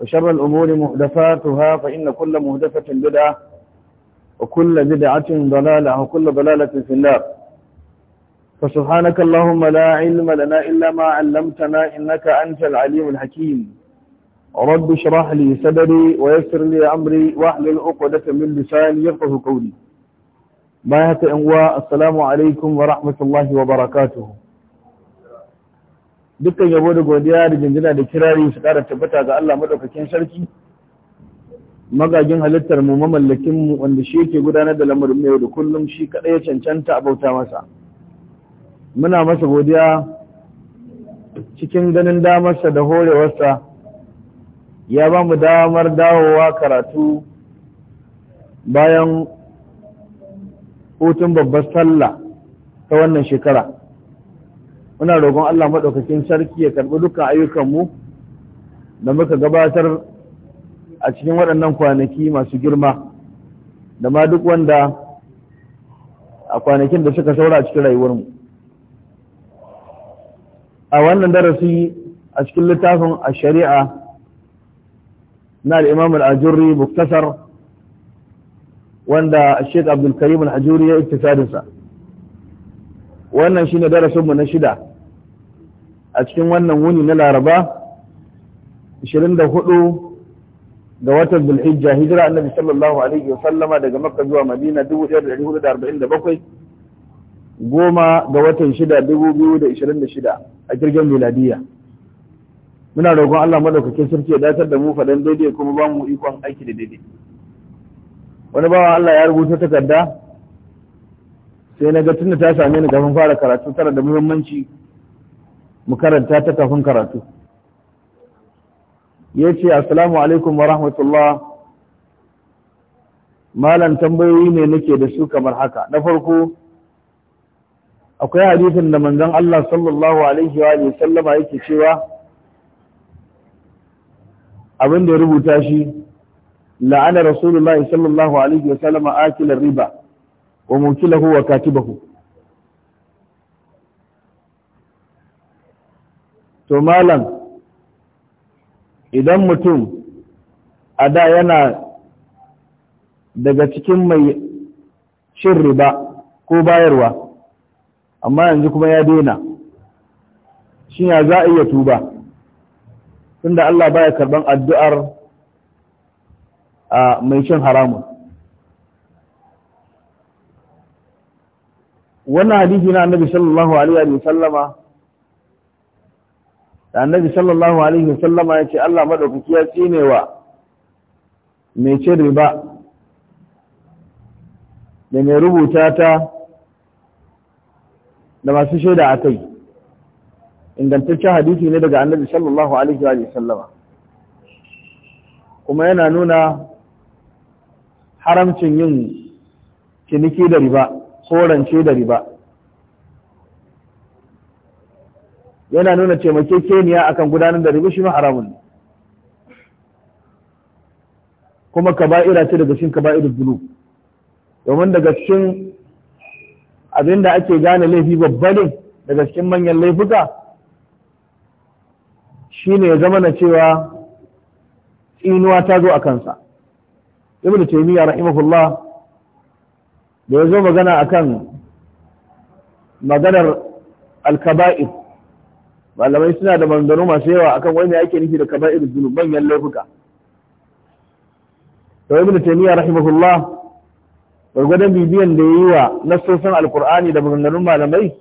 وشر الأمور مهدفاتها فإن كل مهدفة بدعة وكل بدعة ضلالة وكل ضلالة في النار فسبحانك اللهم لا علم لنا إلا ما علمتنا إنك أنت العليم الحكيم رب اشرح لي صدري ويسر لي أمري واحلل عقدة من لساني يفقه قولي ما يهتئ السلام عليكم ورحمة الله وبركاته dukkan yabo da godiya da jinjina da kirari su ƙara tabbata ga Allah maɗaukakin sarki magagin halittar mu mamallakin mu wanda shi yake gudanar da lamarin yau da kullum shi kaɗai ya cancanta a bauta masa muna masa godiya cikin ganin damarsa da horewarsa ya ba mu damar dawowa karatu bayan hutun babbar sallah ta wannan shekara muna rogon Allah maɗaukakin sarki ya karɓi duka ayyukanmu da muka gabatar a cikin waɗannan kwanaki masu girma da ma duk wanda a kwanakin da suka saura a cikin rayuwarmu a wannan darasi a cikin littafin a shari'a na al'imam al’ajuri buktasar wanda sheik abdulkarim al'ajurri ya iktisadinsa wannan shi ne darasinmu na shida a cikin wannan wuni na laraba 24 ga watan zulhijja hijira annabi sallallahu alaihi wasallama daga makka zuwa madina 1447 goma ga watan shida 2026 a jirgin miladiya muna roƙon Allah maɗaukake sarki ya datar da mu faɗan daidai kuma ba mu ikon aiki da daidai wani bawan Allah ya rubuta takarda sai na ga tunda ta same ni kafin fara karatu tara da muhimmanci mu karanta ta kafin karatu ya ce assalamu alaikum wa rahmatullah malam tambayoyi ne nake da su kamar haka na farko akwai hadisin da manzon Allah sallallahu alaihi wa sallama yake cewa abin da ya rubuta shi la'ana rasulullahi sallallahu alaihi wa sallama akilar riba wa وكاتبه wa katibahu to malam idan mutum a da yana daga cikin mai cin riba ko bayarwa amma yanzu kuma ya daina shi ya za a iya tuba tunda Allah baya karban addu'ar a mai cin haramun wannan hadisi na annabi sallallahu alaihi wa sallama da annabi sallallahu alaihi wa sallama ya ce Allah madaukaki ya wa mai ce riba da mai rubuta ta da masu shaida a kai ingantaccen hadisi ne daga annabi sallallahu alaihi wa sallama kuma yana nuna haramcin yin ciniki da riba korance da riba yana nuna taimakekeniya akan gudanar da riba shi ma haramun kuma ka ba'ira ce daga cikin kaba'irul bulu. domin daga cikin abinda ake gane laifi babba ne daga cikin manyan laifuka shine ya zama na cewa tsinuwa ta zo a kansa ibn taymiyyah rahimahullah da ya zo magana kan maganar alkaba'ir malamai suna da mandano masu yawa akan wani ake nufi da kaba'ir zunub manyan laifuka to da taimiyar rahimahullah gwargwadon bibiyan da ya yi wa nassosan alkur'ani da maganganun malamai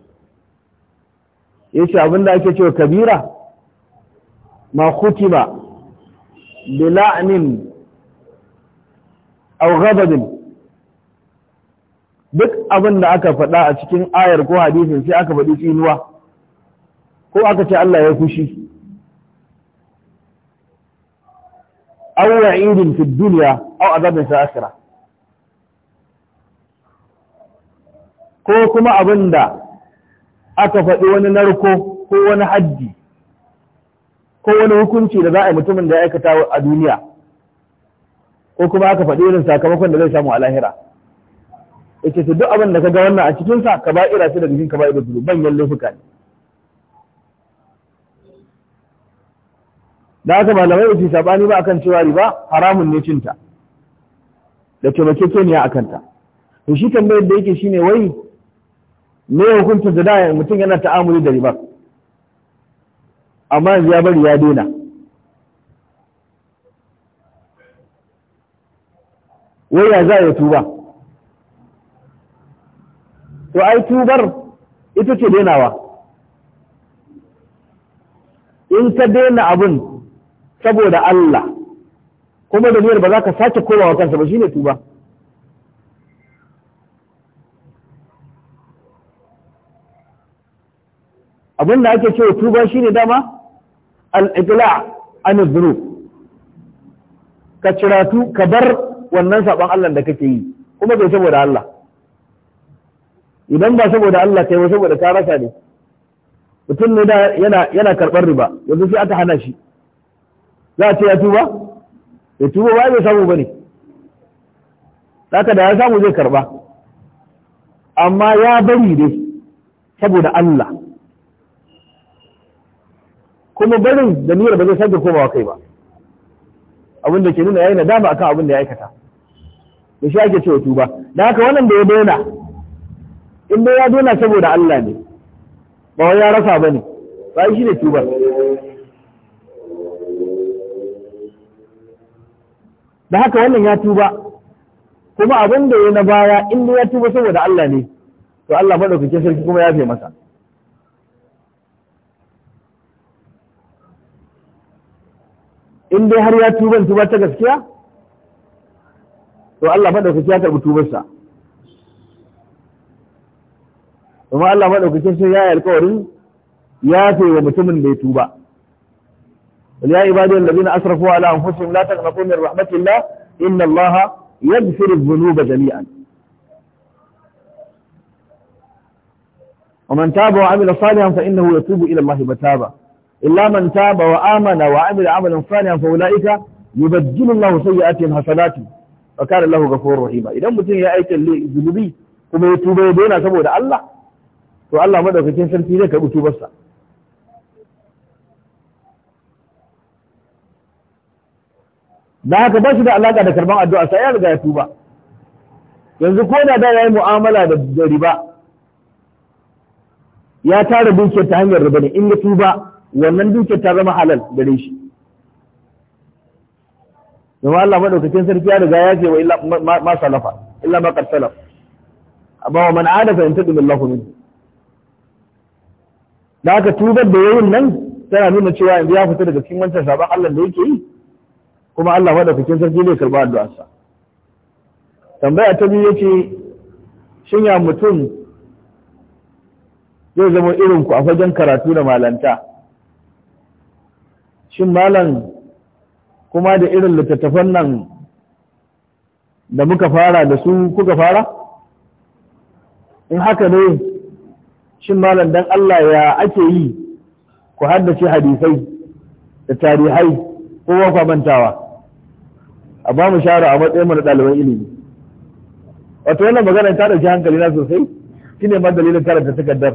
ya ce abin da ake cewa kabira ma kutiba bila'anin au duk abin da aka faɗa a cikin ayar ko hadisin sai aka faɗi tsinuwa ko aka ce Allah ya kushi aw wa'idin fi dunya aw azabin sa'ira ko kuma abin da aka faɗi wani narko ko wani haddi ko wani hukunci da za a yi mutumin da ya aikata a duniya ko kuma aka faɗi irin sakamakon da zai samu a lahira yace to duk abin da ga wannan a cikin sa kaba'ira ce daga cikin kaba'ira ban manyan suka ne da aka malamai ba su sabani ba akan cewa riba haramun ne cinta da taimakekeniya a kanta to shi tambayar da yake shine wai me hukuncin da da mutum yana ta'amuli da riba amma yanzu ya bari ya daina wai ya za ya tuba to ai tubar ita ce denawa in ka dena abun saboda Allah kuma da niyyar ba za ka sake kowa kansa ba shine tuba abin da ake cewa tuba shine dama al-ijla an dhunub ka ciratu ka bar wannan saban Allah da kake yi kuma bai saboda Allah idan ba saboda Allah kai ba saboda ka rasa ne mutum ne da yana yana karɓar riba yanzu sai aka hana shi za a ce ya tuba ya tuba ba bai samu bane haka da ya samu zai karba amma ya bari ne saboda Allah kuma barin da niyyar ba zai sake komawa kai ba abin da ke nuna yayi nadama akan abin da ya aikata da shi ake cewa tuba da haka wannan da ya daina in dai ya dona saboda Allah ne ba wai ya rasa ba ne ba shi ne tuba da haka wannan ya tuba kuma abin da ya na baya in dai ya tuba saboda Allah ne to Allah madaukakin sarki kuma ya fi masa in dai har ya tuban tuba ta gaskiya to Allah madaukakin ya karbi tubarsa domin Allah madaukakin sun yayi alƙawarin ya fi wa mutumin da ya tuba wal ya ibadiyal ladina asrafu ala anfusihim la taqnatu min rahmatillah inna Allah yaghfiru dhunuba jami'an ومن تاب وعمل صالحا فإنه يتوب إلى الله متابا إلا من تاب وآمن وعمل عملا صالحا فأولئك يبدل الله سيئاتهم حسنات وكان الله غفور رحيما إذا متين يا أيت الذنوبي كما يتوب يدينا سبوه الله to Allah madaukakin sarki zai karɓi tubarsa da haka ba shi da alaƙa da karban addu'a sai ya riga ya tuba yanzu ko da da yayi mu'amala da riba ya tara dukiyar ta hanyar riba ne in ya tuba wannan dukiyar ta zama halal gare shi domin Allah madaukakin sarki ya riga ya ce wa illa ma salafa illa ma qad salaf amma wa man ada fa yantaqim billahu minhu da aka tubar da yayin nan tana nuna cewa yanzu ya fita daga cikin wancan sabon Allah da yake yi kuma Allah cikin sarki ne karba addu'arsa tambaya ta biyu yace shin ya mutum zai zama irin ku a fagen karatu da malanta shin malam kuma da irin littattafan nan da muka fara da su kuka fara in haka ne shin malam dan Allah ya ake yi ku haddace hadisai da tarihai ko wafa mantawa a ba mu shara a matsayin mana ɗaliban ilimi wato wannan magana ta ɗauki hankali na sosai shine ma dalilin karanta takardar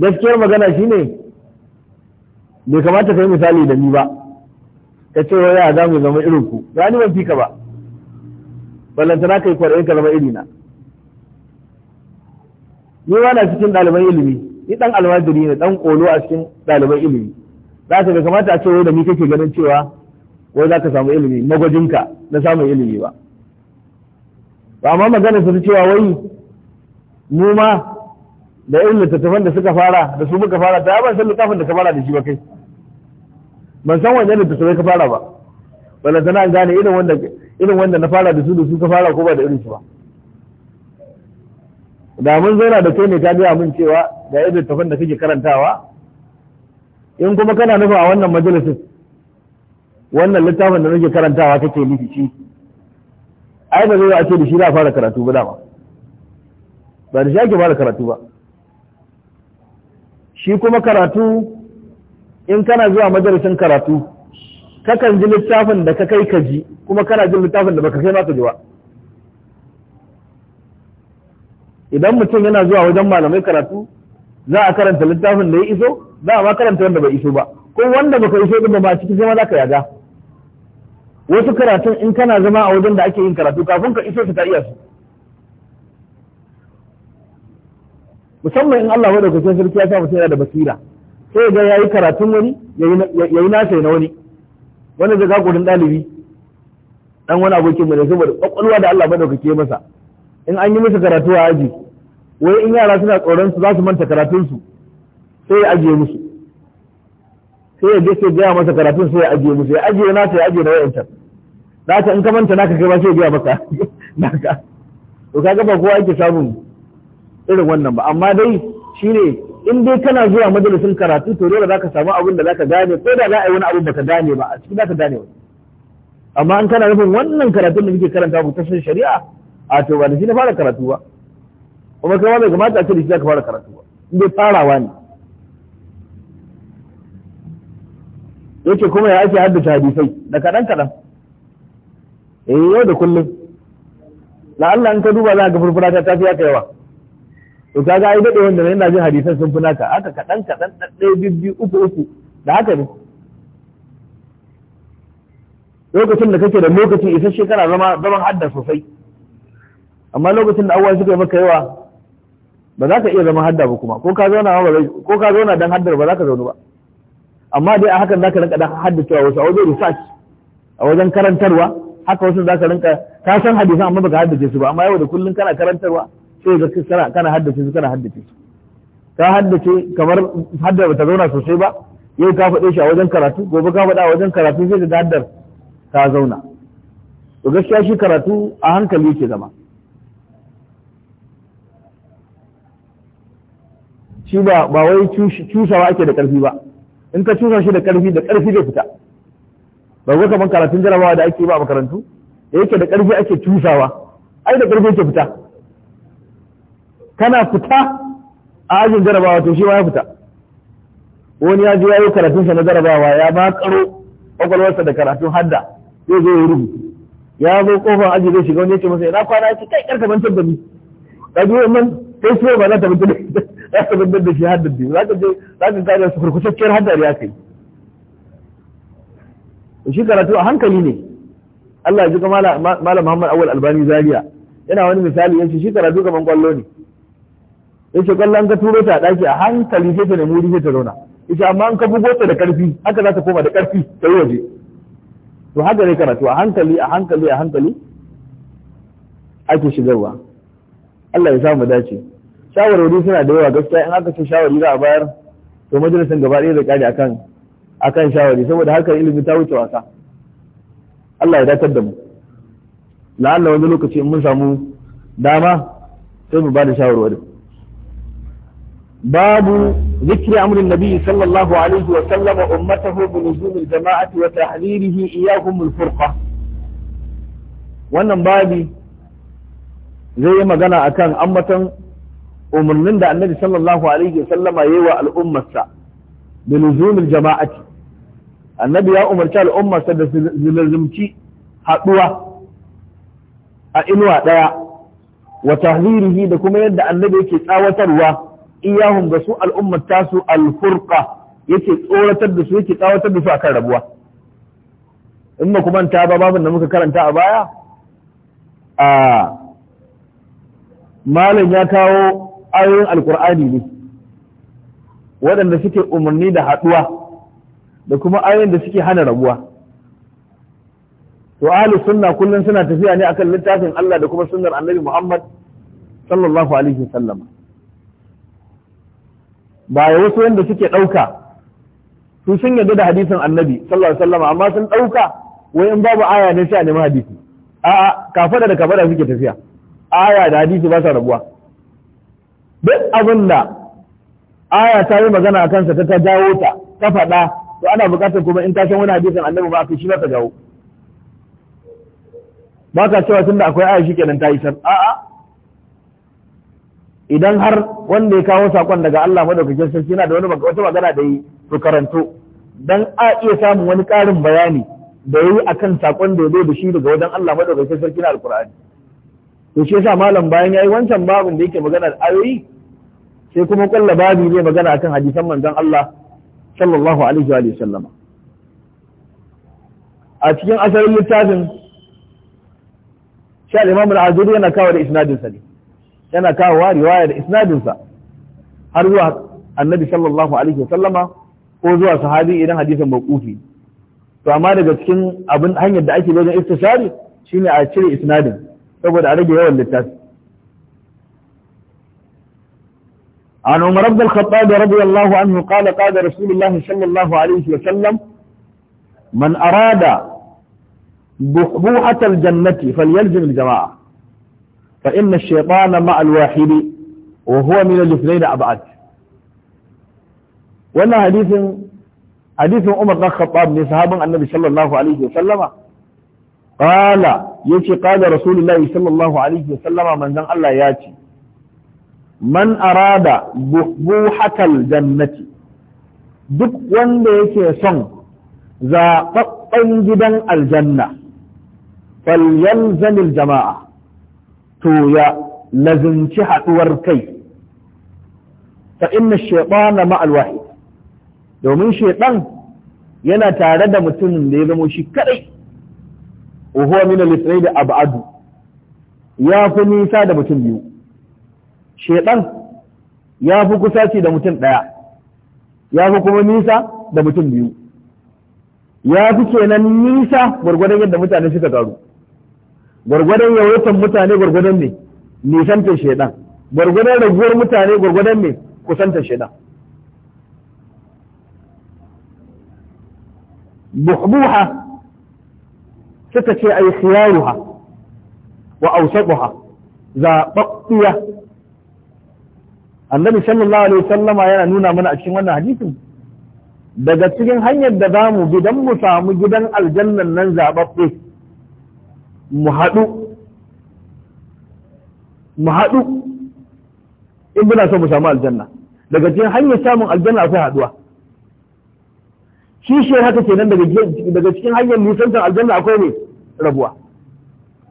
gaskiyar magana shine bai kamata ka yi misali da ni ba ka ce wa ya za mu zama irin ku ba ni ban fi ba Balanta na kai kwarai ka iri na. ni wa na cikin ɗaliban ilimi ni ɗan almajiri ne ɗan ƙolo a cikin ɗaliban ilimi za ka ga kamata a ce wai da ni kake ganin cewa wai za ka samu ilimi magwajinka na samun ilimi ba ba amma magana su cewa wai mu ma da irin littattafan da suka fara da su muka fara ta ban san littafin da ka fara da shi ba kai ban san wanne littattafai ka fara ba bala sana an gane irin wanda irin wanda na fara da su da su ka fara ko ba da irin su ba da mun zauna da kai ne ka gaya mun cewa ga irin tafin da kake karantawa in kuma kana nufa a wannan majalisin wannan littafin da nake karantawa kake nufi shi ai ba zai a ce da shi za a fara karatu ba dama ba da shi ake fara karatu ba shi kuma karatu in kana zuwa majalisin karatu kakan ji littafin da ka kai ka ji kuma kana jin littafin da baka kai ma ka ji ba idan mutum yana zuwa wajen malamai karatu za a karanta littafin da ya iso za a ma karanta wanda bai iso ba ko wanda baka iso din ba cikin sai ma za ka yaga wasu karatun in kana zama a wajen da ake yin karatu kafin ka iso su ta iya su musamman in Allah madaukakin sarki ya sa mutum yana da basira sai ga yayi karatun wani yayi nasa na wani wannan zaka kudin dalibi dan wani abokin mu ne saboda kwakwalwa da Allah madaukake masa in an yi musu karatu a aji wai in yara suna tsoron su za su manta karatun su sai ya ajiye musu sai ya je sai gaya masa karatun sai ya ajiye musu ya ajiye na ta ya ajiye na wayancan da ta in ka manta naka kai ba sai ya gaya maka naka to kaga ba kowa yake samun irin wannan ba amma dai shine in dai kana zuwa majalisin karatu to dole za ka samu abin da za ka gane ko da za a yi wani abu ka gane ba a cikin ka gane wani amma an kana nufin wannan karatun da muke karanta ku tashin shari'a a to ba da shi na fara karatu ba kuma kai bai kamata a ce da shi za ka fara karatu ba in dai farawa ne yake kuma ya ake haddace hadisai da kaɗan kaɗan eh yau da kullum la'alla in ka duba za ka furfura ta tafiya yawa to ka ga dade wanda yana jin hadisan sun fi naka haka kaɗan, kadan ɗaya biyu uku uku da haka ne lokacin da kake da lokaci isa shekara zama zaman hadda sosai amma lokacin da abuwa suka yi maka yawa ba za ka iya zama hadda ba kuma ko ka zauna ba zai ko ka zauna dan haddar ba za ka zauna ba amma dai a hakan za ka rinka dan haddacewa wasu a wajen research a wajen karantarwa haka wasu za ka rinka ka san hadisan amma ba ka haddace su ba amma yau da kullum kana karantarwa sai da kana kana haddace su kana haddace su ka haddace kamar haddar ba ta zauna sosai ba yau ka faɗe shi a wajen karatu gobe ka faɗa a wajen karatu sai da haddar ta zauna to gaskiya shi karatu a hankali yake zama shi ba ba wai cusawa ake da ƙarfi ba in ka cusa shi da ƙarfi da ƙarfi zai fita ba ga kamar karatun jarabawa da ake ba a makarantu da yake da ƙarfi ake cusawa ai da ƙarfi yake fita kana fita a ajin jarabawa to shi ma ya fita wani ya ji yayi karatunsa na jarabawa ya ba karo kwakwalwarsa da karatun hadda zai zo ya rubuta ya zo kofar aji zai shiga wani ya ce masa ina kwana ya ce kai karka bantar da ni ka ji wannan sai su ba za ta bantar da za ta da shi hadda biyu za ka je za ka kare su kurkusacciyar hadda ya kai shi karatu a hankali ne Allah ya ji malam Muhammad Awul Albani Zaria yana wani misali yace shi karatu kaman kwallo ne yace kallon ka turo ta daki a hankali sai ta nemi sai ta zauna yace amma an ka bugo ta da karfi haka za ta koma da karfi ta yi waje to haka ne karatu a hankali a hankali a hankali ake shigarwa Allah ya samu dace shawarwari suna da yawa gaskiya in aka ce shawari za a bayar to majalisar gaba ɗaya da kare akan akan shawari saboda harkar ilimi ta wuce wasa Allah ya dakar da mu la'alla wani lokaci in mun samu dama sai mu ba da باب ذكر أمر النبي صلى الله عليه وسلم أمته بلزوم الجماعة وتحذيره إياهم الفرقة wannan babi zai yi magana a kan ambatan umarnin da annabi sallallahu alaihi wasallama yi wa al'ummarsa da luzumil jama'ati annabi ya umarci al'ummarsa da zulazumci haɗuwa a inuwa ɗaya wa tahlirihi da kuma yadda annabi yake tsawatarwa iyahun ga su al'ummar tasu alfurqa yake tsoratar da su yake tsawatar da su akan rabuwa in ba kuma ta ba babin da muka karanta a baya a malam ya kawo ayoyin alkur'ani ne waɗanda suke umarni da haɗuwa da kuma ayoyin da suke hana rabuwa to ahlus sunna kullum suna tafiya ne akan littafin Allah da kuma sunnar annabi Muhammad sallallahu alaihi wasallam ba ya wasu wanda suke ɗauka su sun yarda da hadisin annabi sallallahu alaihi wasallam amma sun ɗauka wai in babu aya ne sai a nemi hadisi a'a kafa da da suke tafiya aya da hadisi ba sa rabuwa duk abin da aya ta yi magana a kansa ta ta jawo ta ta faɗa to ana buƙatar kuma in ta san wani hadisin annabi ba ka shi ba ta jawo ba ka cewa tun da akwai aya kenan ta yi a a idan har wanda ya kawo sakon daga Allah madaukakin sarki yana da wani wata magana da yi to karanto dan a iya samun wani ƙarin bayani da yayi akan sakon da ya zo da shi daga wajen Allah madaukakin sarki na Alƙur'ani. to shi yasa malam bayan yayi wancan babin da yake magana da ayoyi sai kuma kullu babi ne magana akan hadisan manzon Allah sallallahu alaihi wa sallama a cikin asalin littafin sha al-imam al-azuri yana kawo da isnadin sa ne yana kawowa riwaya da isnadinsa har zuwa annabi sallallahu alaihi wasallama ko zuwa sahabi idan hadisin mawqufi to amma daga cikin abin hanyar da ake bi wajen istishari shine a cire isnadin saboda a rage yawan littafi عن عمر بن الخطاب رضي الله عنه قال قال رسول الله صلى الله عليه وسلم من أراد بحبوحة الجنة فليلزم الجماعة فإن الشيطان مع الواحد وهو من الاثنين أبعد wannan hadisin Umar bin Khattab ne sahaban Annabi sallallahu alaihi wa sallama qala yace qala Rasulullahi sallallahu alaihi wa sallama manzon Allah ya ce man arada buhatal jannati duk wanda yake son zaɓaɓɓen gidan aljanna falyalzamil jama'a to ya lazinci haɗuwar kai fa inna shaytana ma'al wahid domin shaytan yana tare da mutumin da ya zamo shi kadai wa huwa min al-isra'il ab'adu ya fi nisa da mutum biyu shaytan ya fi kusaci da mutum daya ya fi kuma nisa da mutum biyu ya fi kenan nisa gwargwadon yadda mutane suka karu gwargwadon yawaitan mutane gwargwadon ne nisantar shaidan gwargwadon raguwar mutane gwargwadon ne kusantar shaidan buhbuha suka ce ai khiyaruha wa awsaquha zababbiya annabi sallallahu alaihi sallama yana nuna mana a cikin wannan hadisin daga cikin hanyar da zamu gidan mu samu gidan aljannan nan zababbe mu haɗu mu haɗu in muna so mu samu aljanna daga cikin hanyar samun aljanna akwai haɗuwa shi shi haka kenan daga daga cikin hanyar nisantar aljanna akwai ne rabuwa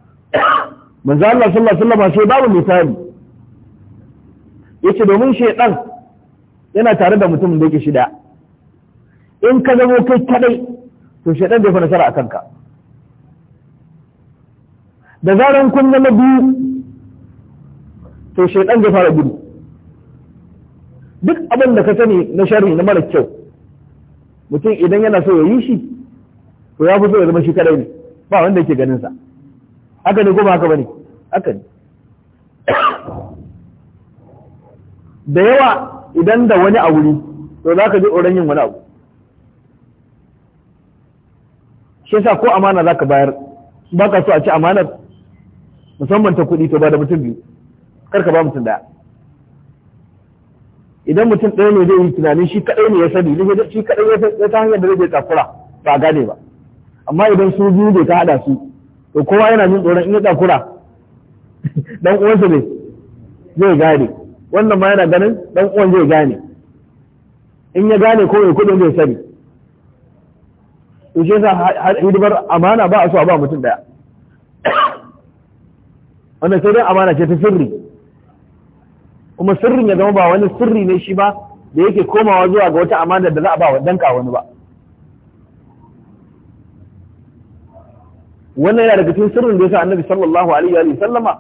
manzo Allah sallallahu alaihi wasallam sai babu misali yace domin shaydan yana tare da mutumin da yake shida in ka zamo kai kadai to shaydan bai fa nasara akan ka da zaran kun zama biyu to shaidan zai fara gudu duk abin da ka sani na sharri na mara kyau mutum idan yana so ya yi shi to ya fi so ya zama shi kadai ne ba wanda yake ganin sa haka ne ko ba haka bane haka ne da yawa idan da wani a wuri to za ka ji tsoron yin wani abu shi yasa ko amana za ka bayar ba ka so a ci amanar musamman ta kuɗi to ba da mutum biyu karka ba mutum daya idan mutum ɗaya ne zai yi tunanin shi kaɗai ne ya sani shi kaɗai ya ta hanyar da zai takura ba a gane ba amma idan su biyu ne ta haɗa su to kowa yana jin tsoron in ya takura dan uwansa ne zai gane wannan ma yana ganin dan uwan zai gane in ya gane ko mai kuɗin zai sani to shi yasa hidimar amana ba a so a ba mutum ɗaya wannan sai dai amana ce ta sirri kuma sirrin ya zama ba wani sirri ne shi ba da yake komawa zuwa ga wata amana da za a ba wa danka wani ba wannan yana daga cikin sirrin da yasa annabi sallallahu alaihi wa sallama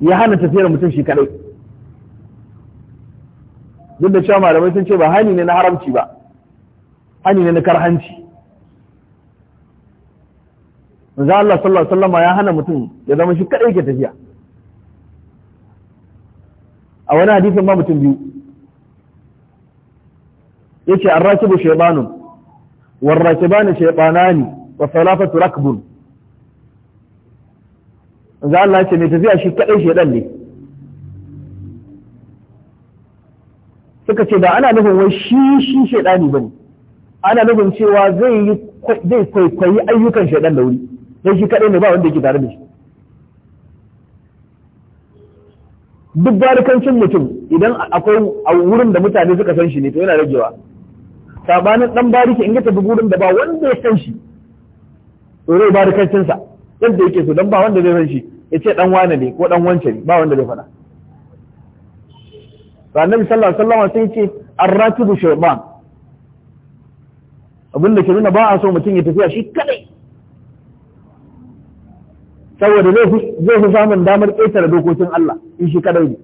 ya hana tafiyar mutum shi kadai duk da cewa malamai sun ce ba hani ne na haramci ba hani ne na karhanci manzo Allah sallallahu alaihi wasallam ya hana mutum ya zama shi kadai ke tafiya a wani hadisin ma mutum biyu yace ar-rakibu shaybanun war-rakibani shaytanani wa thalathatu rakbun manzo Allah yace mai tafiya shi kadai shaydan ne suka ce da ana nufin wai shi shi shaytani bane ana nufin cewa zai kwaikwayi ayyukan shaytan da wuri Sai shi kaɗai ne ba wanda yake tare da shi duk barikancin mutum idan akwai a wurin da mutane suka san shi ne to yana ragewa sabanin dan bariki in ya tafi wurin da ba wanda ya san shi to zai barikancin sa yadda yake so dan ba wanda zai san shi ya ce dan wane ne ko dan wance ne ba wanda zai faɗa to annabi sallallahu alaihi wasallam sai ce arrakibu shayban abin da ke nuna ba a so mutum ya tafiya shi kadai saboda zai fi samun damar ƙetare dokokin Allah in shi kadai ne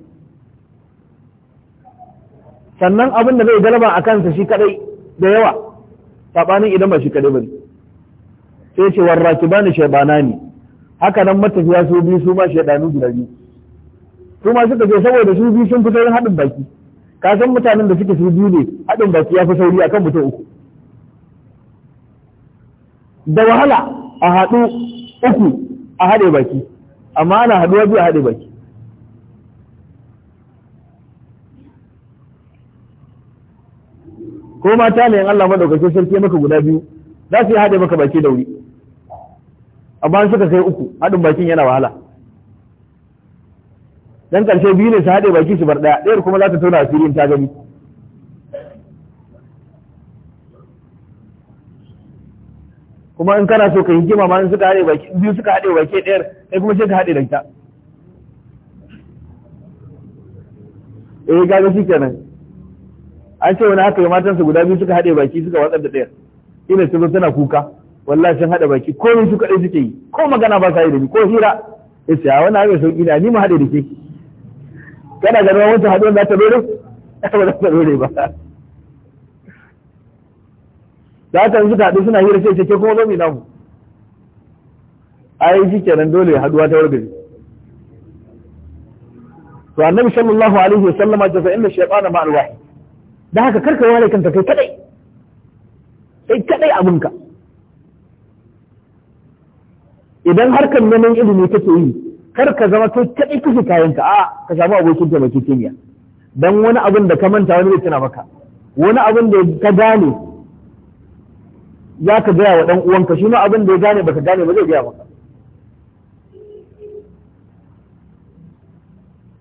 sannan abin da zai galaba a kansa shi kadai da yawa saɓanin idan ba shi kadai ba ne sai ce warraki ba ni shaibana ne haka nan matafiya su biyu su ma shaidanu guda biyu su ma suka ce saboda su biyu sun fi saurin haɗin baki ka san mutanen da suke su biyu ne haɗin baki ya fi sauri akan mutum uku da wahala a haɗu uku a haɗe baki amma ana haɗuwa biyu a haɗe baki ko mata ne in Allah madaukakin sarki maka guda biyu za su yi haɗe maka baki da wuri amma an suka kai uku haɗin bakin yana wahala dan ƙarshe biyu ne su haɗe baki su bar ɗaya ɗayar kuma za ta tona asirin ta gani kuma in kana so ka hikima ma in suka haɗe baki biyu suka haɗe baki ɗayar kai kuma sai ka haɗe da ita eh gaga shi kenan an ce wani aka yi matansa guda biyu suka haɗe baki suka watsar da ɗayar ina su tana kuka wallahi sun haɗa baki ko su kaɗai suke yi ko magana ba sa yi da ni ko hira ya ce a wani abin sauƙi ne ni mu haɗe da ke kana ganin wani haɗuwar za ta dore ba za ta dore ba da haka yanzu haɗu suna hira sai ce kuma zo mu namu a shi kenan dole haduwa ta wargaje to annabi sallallahu alaihi wa sallama ta fa da shaytana ma alwahi da haka karka wale kanka kai kadai kai kadai abinka idan harkar neman ilimi kake yi kar ka zama kai kadai kake kayanka a ka samu abokin da kimiyya dan wani abin da ka manta wani bai tuna maka wani abin da ka gane za ka gaya wa ɗan uwanka shi ma abin da ya gane baka gane ba zai gaya maka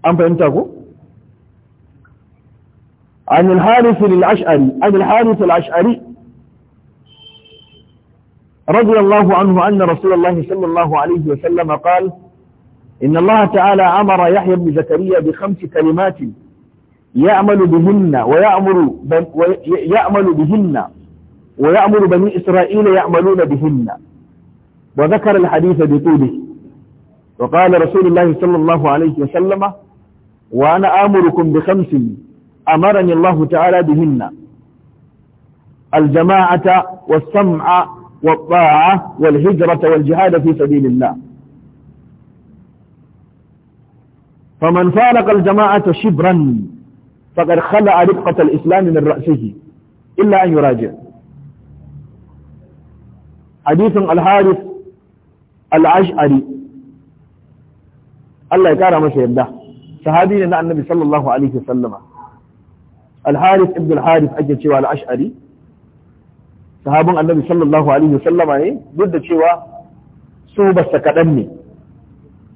an fahimta ko عن الحارث الأشعري عن الحارث الأشعري رضي الله عنه أن رسول الله صلى الله عليه وسلم قال إن الله تعالى أمر يحيى بن زكريا بخمس كلمات يعمل بهن ويأمر ويعمل بهن ويأمر بني إسرائيل يعملون بهن وذكر الحديث بطوله وقال رسول الله صلى الله عليه وسلم وأنا آمركم بخمس أمرني الله تعالى بهن الجماعة والسمع والطاعة والهجرة والجهاد في سبيل الله فمن فارق الجماعة شبرا فقد خلع رقة الإسلام من رأسه إلا أن يراجع hadisin al-haris al-ash'ari Allah ya kara masa yadda sahabi ne na annabi sallallahu alaihi sallama. al-haris ibn al ake cewa al-ash'ari sahabin annabi sallallahu alaihi sallama ne duk da cewa su ba sa kadan ne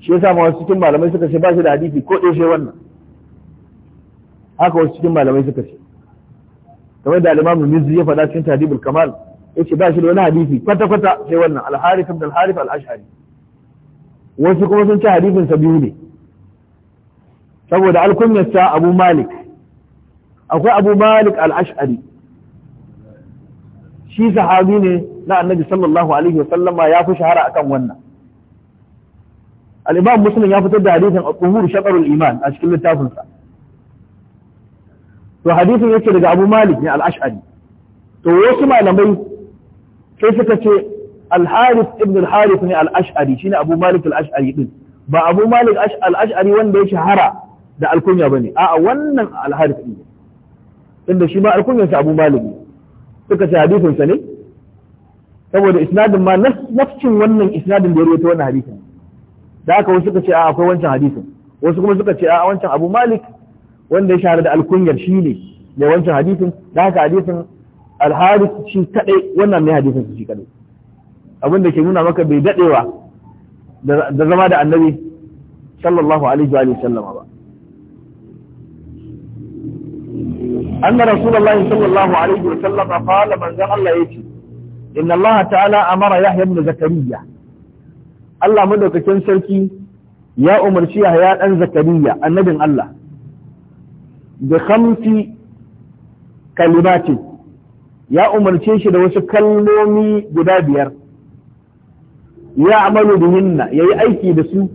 shi yasa ma wasu cikin malamai suka ce ba shi da hadisi ko ɗaya shi wannan haka wasu cikin malamai suka ce kamar da al-imam Mizzi ya faɗa cikin Tadibul Kamal yace ba shi da wani hadisi kwata kwata sai wannan al-harith ibn al-harith al-ash'ari wasu kuma sun ce hadisin sa biyu ne saboda al-kunyar sa Abu Malik akwai Abu Malik al-ash'ari shi sahabi ne na Annabi sallallahu alaihi wa sallama ya fi shahara akan wannan al-Imam Muslim ya fitar da hadisin al-tuhur shatarul iman a cikin littafinsa to hadisin yake daga Abu Malik ne al-ash'ari to wasu malamai sai suka ce al ibn al ne al-ash'ari shine abu malik al-ash'ari din ba abu malik al-ash'ari wanda ya shahara da alkunya bane a wannan al-harith din tunda shi ma alkunyar sa abu malik suka ce hadisin sa ne saboda isnadin ma nafcin wannan isnadin da ya rawaito wannan hadisin da haka wasu suka ce a akwai wancan hadisin wasu kuma suka ce a wancan abu malik wanda ya shahara da alkunyar shine ne wancan hadisin da haka hadisin alhari shi kadai wannan mai hadisin su shi kadai abin da ke nuna maka bai dadewa da zama da annabi sallallahu alaihi wa sallama ba anna rasulullahi sallallahu alaihi wa sallama qala manzon Allah yace inna Allah ta'ala amara Yahya ibn Zakariya Allah madaukakin sarki ya umarci Yahya dan Zakariya annabin Allah da khamsi kalimatin ya umarce shi da wasu kalmomi guda biyar ya amalu bihinna ya yi aiki da su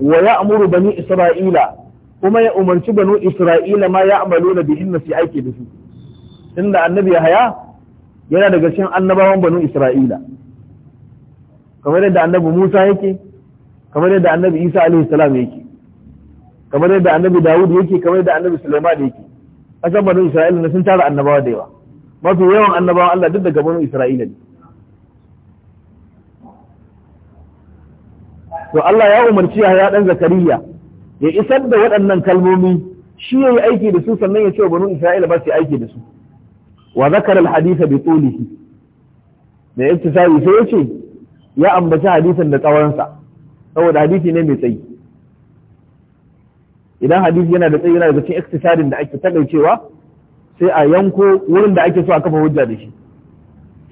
wa ya amuru bani isra'ila kuma ya umarci banu isra'ila ma ya amalu da bihinna su aiki da su tunda annabi ya haya yana daga cikin annabawan banu isra'ila kamar yadda annabi musa yake kamar yadda annabi isa alaihi salam yake kamar yadda annabi dawud yake kamar yadda annabi sulaiman yake kasan banu isra'ila sun tara annabawa da yawa mafi yawan annabawan Allah duk daga banu Isra'ila ne to Allah ya umarci ya ɗan Zakariya ya isar da waɗannan kalmomi shi ya yi aiki da su sannan ya ce wa banu Isra'ila ba su aiki da su wa zakara al-haditha bi tulihi da iktisari sai ya ce ya ambaci hadisin da tsawonsa, saboda hadisi ne mai tsayi idan hadisi yana da tsayi yana daga cikin iktisarin da ake takaicewa sai a yanko wurin da ake so a kafa hujja da shi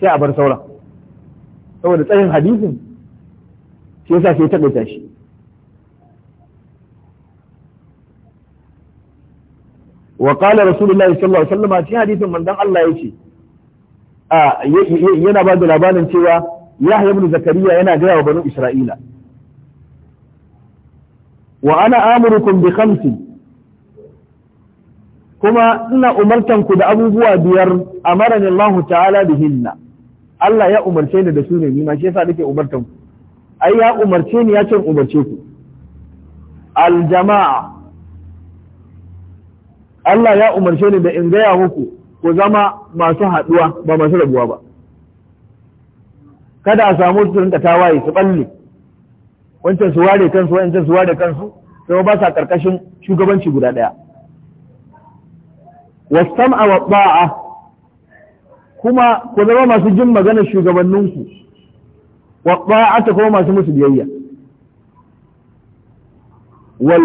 sai a bar sauran saboda tsayin hadisin shi yasa sai ta taƙaita shi wa qala rasulullahi sallallahu alaihi wasallam shi hadisin manzon Allah yace a yana ba da labarin cewa Yahya ibn Zakariya yana gaya wa banu Isra'ila wa ana amurukum bi khamsin kuma ina umartan ku da abubuwa biyar amarani Allah ta'ala bihinna Allah ya umarce ni da su ne ma shi yasa nake umartan ku ai ya umarce ni ya ce umarce ku Al jama'a. Allah ya umarce ni da in gaya muku ku zama masu haduwa ba masu rabuwa ba kada a samu su rinka tawaye su balle wancan su ware kansu wancan su ware kansu sai ba sa karkashin shugabanci guda daya Wasan wa ba'a kuma ku zama masu jin maganar shugabanninku wa ba'ata kuma masu musu biyayya wal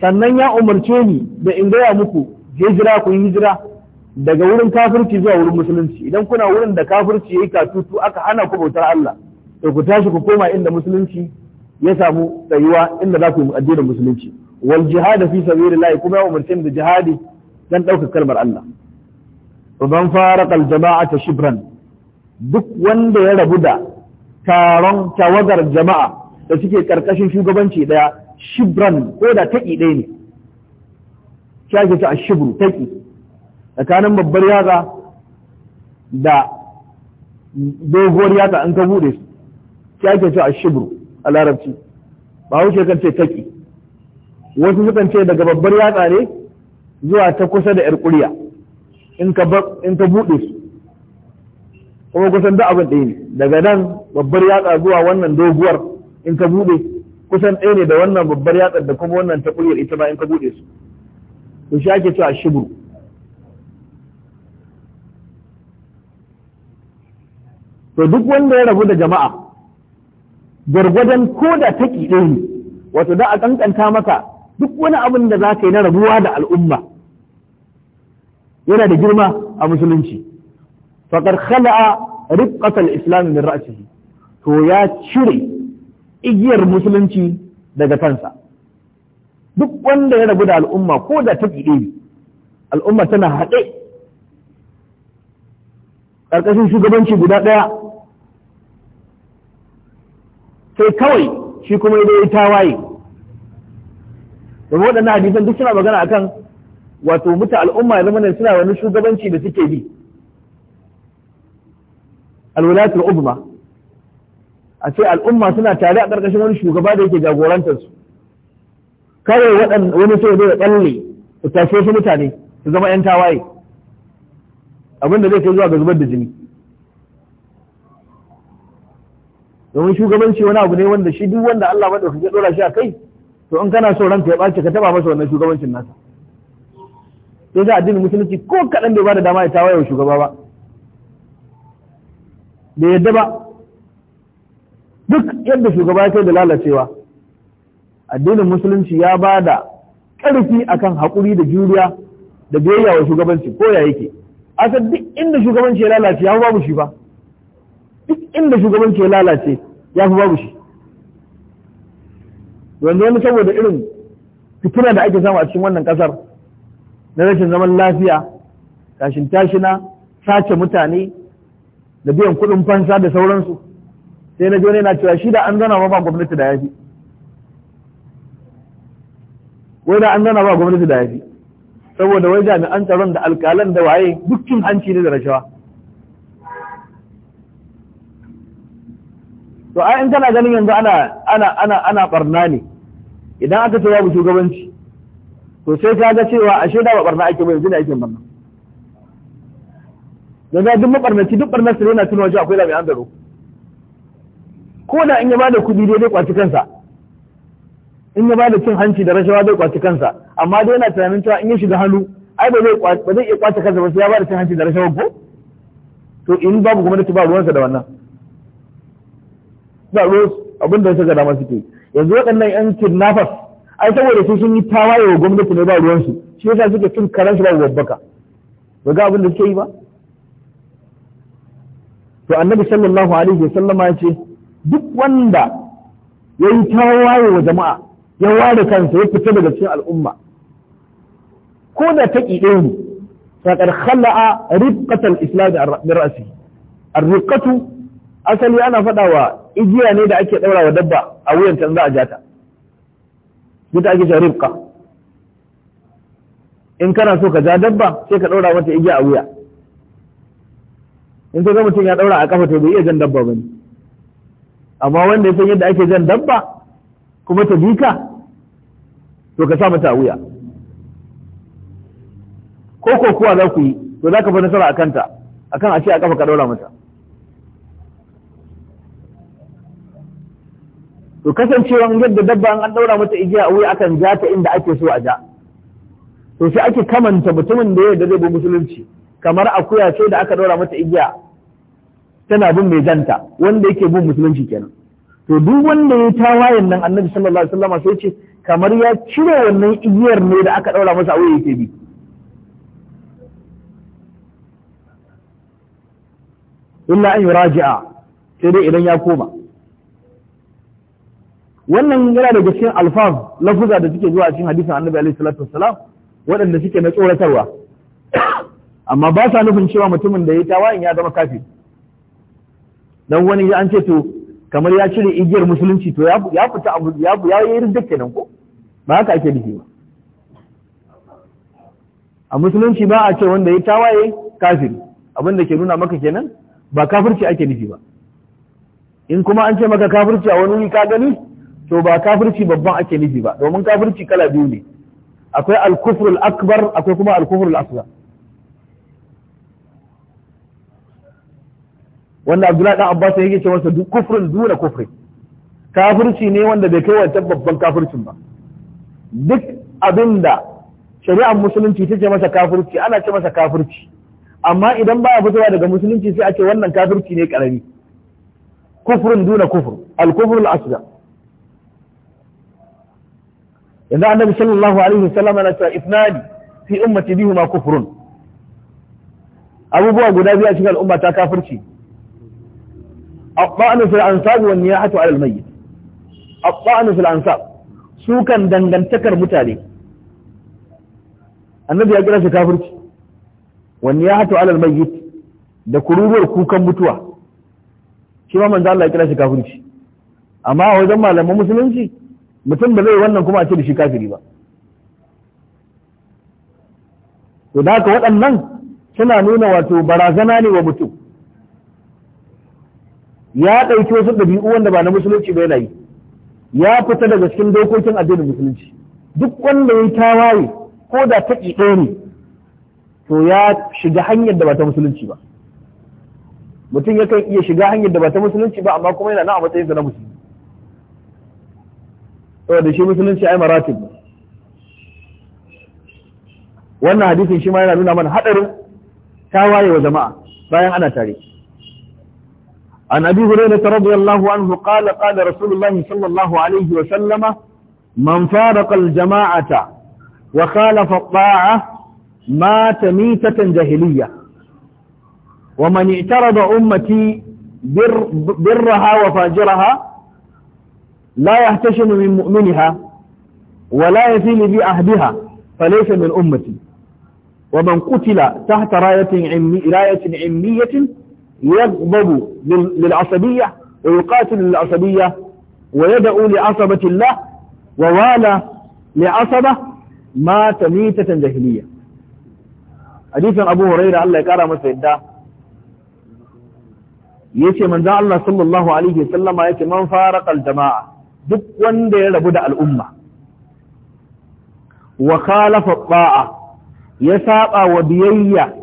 sannan ya umarce ni da in gaya muku hijira ku yi hijira daga wurin kafirci zuwa wurin musulunci idan kuna wurin da kafirci yayi katutu aka hana ku bautar Allah to ku tashi ku koma inda musulunci ya samu tsayuwa inda za ku yi addinin musulunci wal jihad fi sabilillah kuma ya umarce da jihadi dan ɗaukar kalmar Allah ruban farakal jama'a ta shibran duk wanda ya rabu da taron tawagar jama'a da suke karkashin shugabanci daya shibran ko da taƙi ɗaya ne shafi ta shibru taƙi tsakanin babbar yatsa da doguwar yatsa an ka bude su shafi ta shibru a larabci ba wuce kan ce taƙi wasu sukan ce daga babbar yatsa ne zuwa ta kusa da yar ƙurya in ka buɗe su kuma kusan duk abin ɗaya ne daga nan babbar yatsa zuwa wannan doguwar in ka buɗe kusan ɗaya ne da wannan babbar yatsar da kuma wannan ta ƙuryar ita ma in ka buɗe su to shi ake cewa shibru to duk wanda ya rabu da jama'a gwargwadon ko da ta ɗaya ne wato da a kankanta maka duk wani abin da za ka yi na rabuwa da al'umma yana da girma a musulunci faƙar khala'a rifqatal islam min ra'sihi to ya cire igiyar musulunci daga kansa duk wanda ya rabu da al'umma ko da ta ƙiɗe al'umma tana haɗe ƙarƙashin shugabanci guda ɗaya sai kawai shi kuma ya tawaye da waɗannan hadisan duk suna magana akan wato mutu al'umma zama ne suna wani shugabanci da suke bi alwalatul uzma a ce al'umma suna tare a ƙarƙashin wani shugaba da yake jagorantar su Kare waɗan wani sai da tsalle su tashe su mutane su zama yan tawaye abin da zai kai zuwa ga zubar da jini domin shugabanci wani abu ne wanda shi duk wanda Allah madaukakin ya dora shi a kai to in kana so ranka ya ɓaci ka taba masa wannan shugabancin nasa sai ga addinin musulunci ko kaɗan bai ba da dama ya ta tawaye shugaba ba bai yadda ba duk yadda shugaba ya kai da lalacewa addinin musulunci ya ba da ƙarfi akan haƙuri da juriya da biyayya wa shugabanci ko ya yake asa duk inda shugabanci ya lalace ya fi babu shi ba duk inda shugabanci ya lalace ya fi babu shi yanzu wani saboda irin fitina da ake samu a cikin wannan kasar na rashin zaman lafiya kashin tashina sace mutane da biyan kuɗin fansa da sauransu sai na jone na cewa shi da an zana ba gwamnati da yafi wai da an zana ba gwamnati da yafi saboda wai jami'an tsaron da alkalan da waye duk hanci ne da rashawa to ai in kana ganin yanzu ana ana ana ana barna ne idan aka ce babu shugabanci to sai ka ga cewa ashe da ba barna ake ba yanzu ne ake barna don ga duk mabarnaci duk barnar sai na tunawa cewa akwai jami'an tsaro ko da in ya bada kudi dai dai kwaci kansa in ya bada cin hanci da rashawa dai kwaci kansa amma dai yana tunanin cewa in ya shiga hannu ai ba zai ba zai iya kwace kansa ba sai ya bada cin hanci da rashawa ko to in babu gwamnati ba ruwansa da wannan tsaro abin da suka dama suke yanzu waɗannan yan kidnappers ai saboda su sun yi tawaye wa gwamnati ne ba ruwan su shi yasa suke cin karan shi ba babbaka ba ga abin da suke yi ba to annabi sallallahu alaihi wa sallama ya ce duk wanda ya yi tawaye wa jama'a ya ware kansa ya fita daga cikin al'umma ko da ta ƙiɗe ne faƙar khala'a rifqatal islam bi ra'si ar-riqatu asali ana faɗawa igiya ne da ake ɗaura wa dabba a wuyan za a jata ita ake cewa ribka in kana so ka ja dabba sai ka ɗaura mata igiya a wuya in ka ga mutum ya ɗaura a kafa to bai iya jan dabba ba ne amma wanda ya san yadda ake jan dabba kuma ta bika, to ka sa mata a wuya ko ko kuwa za ku yi to za ka fi nasara a kanta akan a ce a kafa ka ɗaura mata to kasancewa yadda dabba an daura mata igiya a wuya akan ja ta inda ake so a ja to sai ake kamanta mutumin da yadda zai bi musulunci kamar akuya ce da aka daura mata igiya tana bin mai janta wanda yake bin musulunci kenan to duk wanda ya wayan nan annabi sallallahu alaihi wasallam sai ce kamar ya cire wannan igiyar ne da aka daura masa a wuya yake bi illa an yuraji'a sai dai idan ya koma wannan yana daga cikin alfaz lafuza da suke zuwa cikin hadisin annabi alaihi salatu wasalam waɗanda suke na tsoratarwa amma ba sa nufin cewa mutumin da ya tawayin ya zama kafir dan wani ya an ce to kamar ya cire igiyar musulunci to ya fita abu ya ya yi ridda kenan ko ba haka ake nufi ba a musulunci ba a ce wanda ya tawaye kafir abin da ke nuna maka kenan ba kafirci ake nufi ba in kuma an ce maka kafirci a wani wuri ka gani to ba kafirci babban ake nufi ba domin kafirci kala biyu ne akwai al alkufrul akbar akwai kuma al asghar wanda Abdullahi dan Abbas yake ce masa duk kufrin duna kufri kafirci ne wanda bai kai wata babban kafircin ba duk abinda shari'ar musulunci ta ce masa kafirci ana ce masa kafirci amma idan ba a fitowa daga musulunci sai a ce wannan kafirci ne karami kufrun duna kufr al-kufr al-asghar yanzu annabi sallallahu alaihi wasallam yana cewa ifnani fi ummati bihuma kufrun abubuwa guda biyu a cikin al'umma ta kafirci abba'anu fil ansab wan niyahatu ala al-mayyit abba'anu fil ansab su kan dangantakar mutane annabi ya kira su kafirci wan niyahatu ala al-mayyit da kururuwar kukan mutuwa shi ma manzo Allah ya kira shi kafirci amma wajen malaman musulunci mutum ba zai wannan kuma a ce da shi kafiri ba to da haka waɗannan suna nuna wato barazana ne wa mutum ya ɗauki wasu ɗabi'u wanda ba na musulunci ba yana yi ya fita daga cikin dokokin addinin musulunci duk wanda ya tawaye ko da ta ɗaya ne to ya shiga hanyar da ba ta musulunci ba mutum yakan iya shiga hanyar da ba ta musulunci ba amma kuma yana na a matsayinsa na musulunci saboda shi musulunci a yi maratib wannan hadisin shi ma yana nuna mana hadarin waye wa jama'a bayan ana tare an abi hurairah radiyallahu anhu qala qala rasulullahi sallallahu alaihi wa sallama man faraqa al-jama'ata wa khalafa at-ta'a mata mitatan jahiliyya wa man i'tarada ummati birraha wa fajiraha لا يحتشم من مؤمنها ولا يفيل بأهدها فليس من أمتي ومن قتل تحت راية عمي راية عمية يغضب للعصبية ويقاتل للعصبية ويدعو لعصبة الله ووالى لعصبة مات ميتة جاهلية حديث أبو هريرة الله السيدة masa من yace الله صلى الله عليه وسلم yace من فارق الجماعة duk wanda ya rabu da al'umma wa ɓa'a ba'a ya saba wa biyayya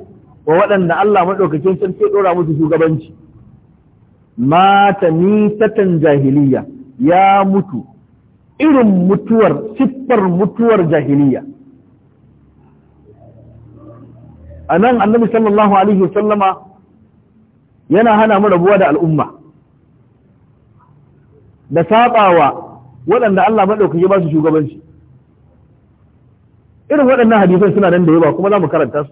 wa waɗanda Allah maɗaukakin sarki ɗora musu shugabanci mata nisatan jahiliya ya mutu irin mutuwar siffar mutuwar jahiliya a nan annabi sallallahu alaihi wasallama yana hana mu rabuwa da al'umma da sabawa waɗanda Allah ya ba su shugabanci irin waɗannan hadisan suna nan da yawa kuma za mu karanta su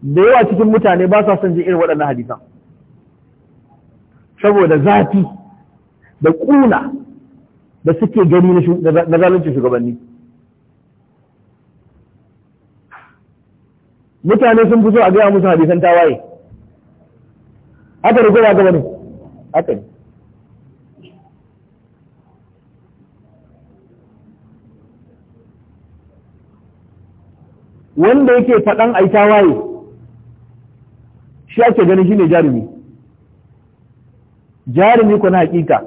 da yawa cikin mutane ba sa son jin irin waɗannan hadisan saboda zafi da ƙuna da suke gani na zalunci shugabanni mutane sun fi so a gaya musu hadisan tawaye haka da gaba ne haka ne wanda yake faɗan aita waye shi ake ganin shi ne jarumi jarumi ko na hakika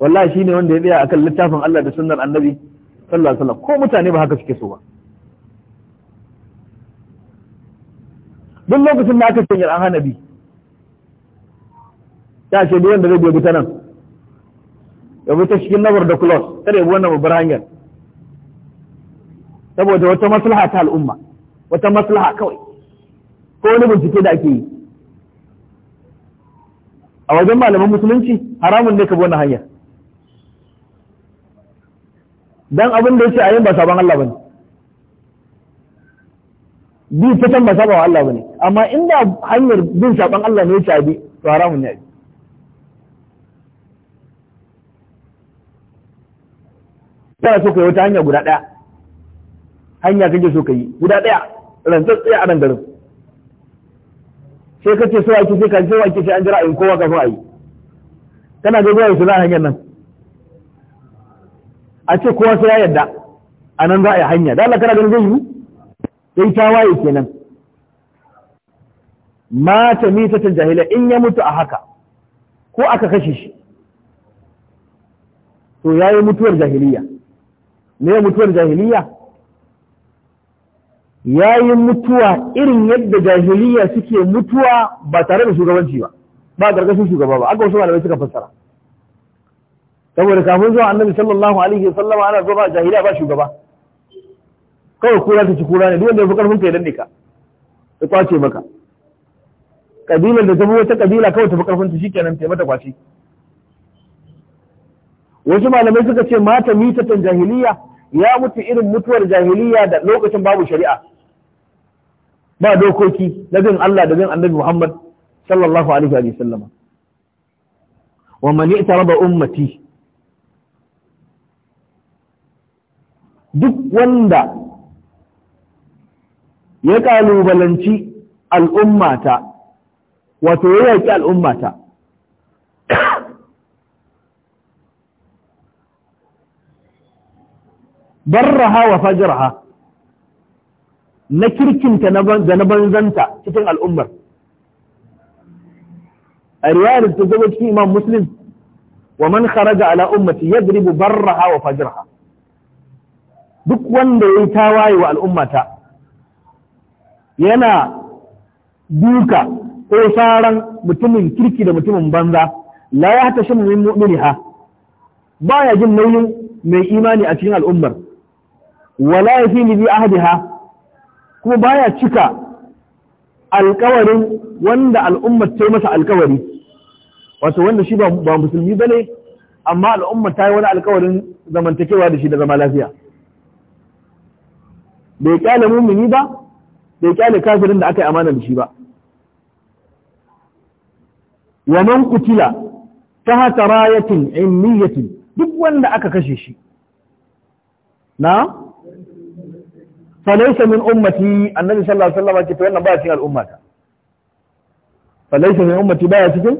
wallahi ne wanda ya tsaya akan littafin Allah da sunnar annabi sallallahu alaihi ko mutane ba haka suke so ba duk lokacin da aka sanya an hanabi ta ce duwan da zai biyo ta nan ya bi ta cikin nabar da kulos kada ya bi wannan babbar hanyar saboda wata maslaha ta al'umma wata maslaha kawai ko wani bincike da ake yi a wajen malaman musulunci haramun ne ka bi wannan hanyar dan abin da yake a yin ba saban Allah bane bi ta san ba Allah bane amma inda hanyar bin sabon Allah ne yake abi to haramun ne abi kana so ka yi wata hanya guda ɗaya hanya kake so ka yi guda ɗaya rantsar tsaye a nan garin sai ka ce ake sai ka so ake sai an jira in kowa ka so ayi kana ga zuwa su suna hanyar nan a ce kowa sai ya yarda a nan za a yi hanya da Allah kana ganin zai yi sai ta waye kenan mata ta jahila in ya mutu a haka ko aka kashe shi to yi mutuwar jahiliya ne mutuwar jahiliya Ya yi mutuwa irin yadda jahiliya suke mutuwa ba tare da shugabanci ba ba gargashin shugaba ba aka wasu malamai suka fassara saboda kafin zuwa annabi sallallahu alaihi wasallam ana zuwa jahiliya ba shugaba kawai kura ta ci kura ne duk wanda ya fi karfin ka ya danne ka ya kwace maka kabilar da ta wata kabila kawai ta fi karfin ta shikenan ta mata kwace wasu malamai suka ce mata mitatan jahiliya ya mutu irin mutuwar jahiliya da lokacin babu shari'a ba dokoki na bin Allah da bin annabi Muhammad sallallahu alaihi wa sallam wa man i'taraba ummati duk wanda ya kalubalanci al'ummata wato ya yaki al'ummata barraha wa fajraha na kirkinta da na banzanta cikin al'ummar a riwayar ta zama cikin imam muslim wa man kharaja ala ummati yadribu barraha wa fajraha duk wanda ya tawaye wa al'ummata yana duka ko saran mutumin kirki da mutumin banza la ya ta shan min Ba baya jin nauyin mai imani a cikin al'ummar wala yafilu bi ahdiha kuma baya cika alkawarin wanda al'ummar ta yi masa alkawari wato wanda shi ba musulmi ba ne amma al'ummar ta yi wani alkawarin zamantakewa da shi da zama lafiya bai kyale mumini ba bai kyale kafirin da aka yi amana da shi ba wa man kutila ta hata rayatin duk wanda aka kashe shi na falaisa min ummati annabi sallallahu alaihi wasallam ke to wannan baya cikin al'ummata falaisa min ummati baya cikin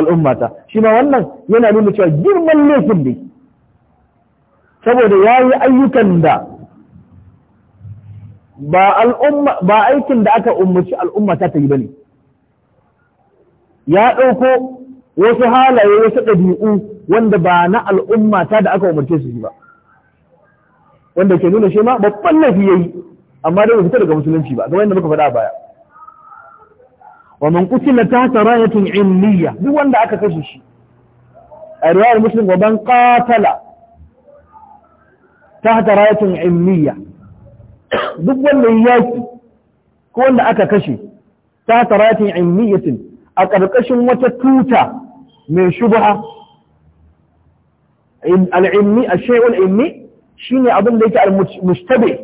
al'ummata shi ma wannan yana nuna cewa girman laifin ne saboda yayi ayyukan da ba al'umma ba aikin da aka ummaci al'ummata ta yi bane ya dauko wasu halaye wasu ɗabi'u wanda ba na al'ummata da aka umarce su ba wanda ke nuna shi ma babban laifi yayi amma dai bai fita daga musulunci ba kamar yadda muka faɗa a baya wa man qutila ta rayatin ilmiya duk wanda aka kashe shi a riwayar muslim wa man qatala tahta rayatin ilmiya duk wanda yaki ko wanda aka kashe tahta rayatin ilmiyatin a ƙarƙashin wata tuta mai shubha al-ilmi al-shay'u al-ilmi ne abin da yake al-mushtabe